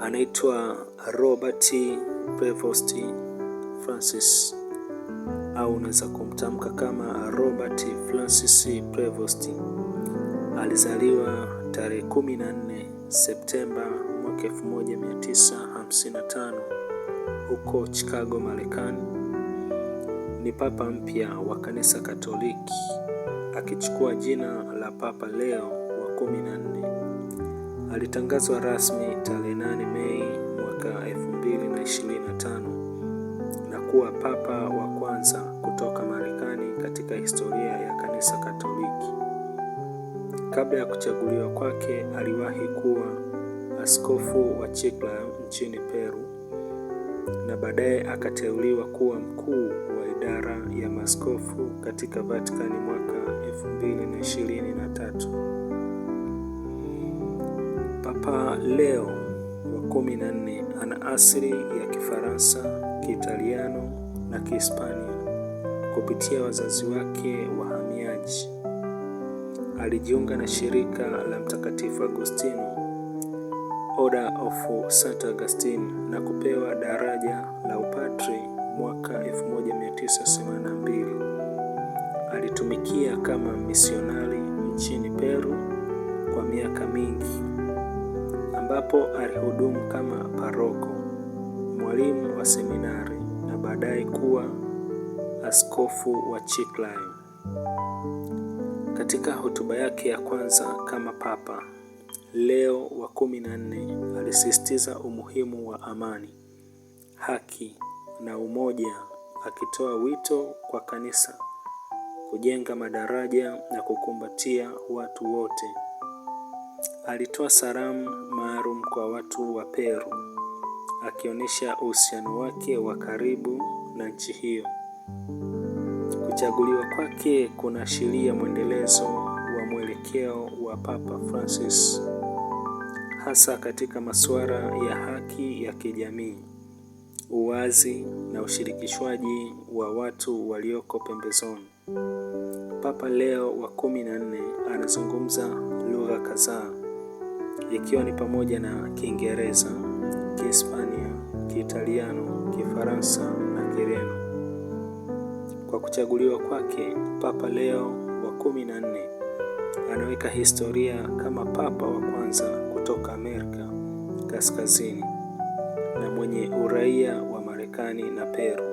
anaitwa Robert Prevost Francis au unaweza kumtamka kama Robert Francis Prevost. Alizaliwa tarehe 14 Septemba mwaka 1955 huko Chicago, Marekani. Ni papa mpya wa kanisa Katoliki akichukua jina la Papa Leo wa 14 alitangazwa rasmi tarehe 8 Mei mwaka mbili na kuwa papa wa kwanza kutoka Marekani katika historia ya kanisa Katoliki. Kabla ya kuchaguliwa kwake, aliwahi kuwa askofu wa chikla nchini Peru na baadaye akateuliwa kuwa mkuu wa idara ya maskofu katika Vatikani mwaka 2023. Papa Leo wa kumi na nne ana asili ya Kifaransa, Kiitaliano na Kihispania kupitia wazazi wake wahamiaji. Alijiunga na shirika la Mtakatifu Agostino, Order of St. Augustine, na kupewa daraja la upatri mwaka 1982. Alitumikia kama misionari nchini Peru kwa miaka mingi ambapo alihudumu kama paroko, mwalimu wa seminari na baadaye kuwa askofu wa Chiclayo. Katika hotuba yake ya kwanza kama Papa Leo wa kumi na nne alisisitiza umuhimu wa amani, haki na umoja, akitoa wito kwa kanisa kujenga madaraja na kukumbatia watu wote. Alitoa salamu maalum kwa watu wa Peru, akionyesha uhusiano wake wa karibu na nchi hiyo. Kuchaguliwa kwake kunaashiria mwendelezo wa mwelekeo wa Papa Francis hasa katika masuala ya haki ya kijamii, uwazi na ushirikishwaji wa watu walioko pembezoni. Papa Leo wa kumi na nne anazungumza lugha kadhaa ikiwa ni pamoja na Kiingereza, Kihispania, Kiitaliano, Kifaransa na Kireno. Kwa kuchaguliwa kwake, Papa Leo wa kumi na nne anaweka historia kama papa wa kwanza kutoka Amerika Kaskazini na mwenye uraia wa Marekani na Peru,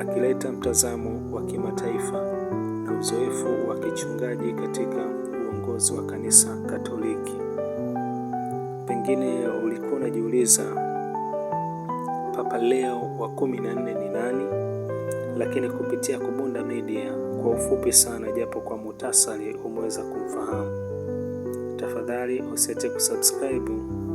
akileta mtazamo wa kimataifa na uzoefu wa kichungaji katika uongozi wa Kanisa Katoliki. Pengine ulikuwa unajiuliza Papa Leo wa kumi na nne ni nani? Lakini kupitia Kubunda Media kwa ufupi sana, japo kwa muhtasari, umeweza kumfahamu. Tafadhali usiache kusubscribe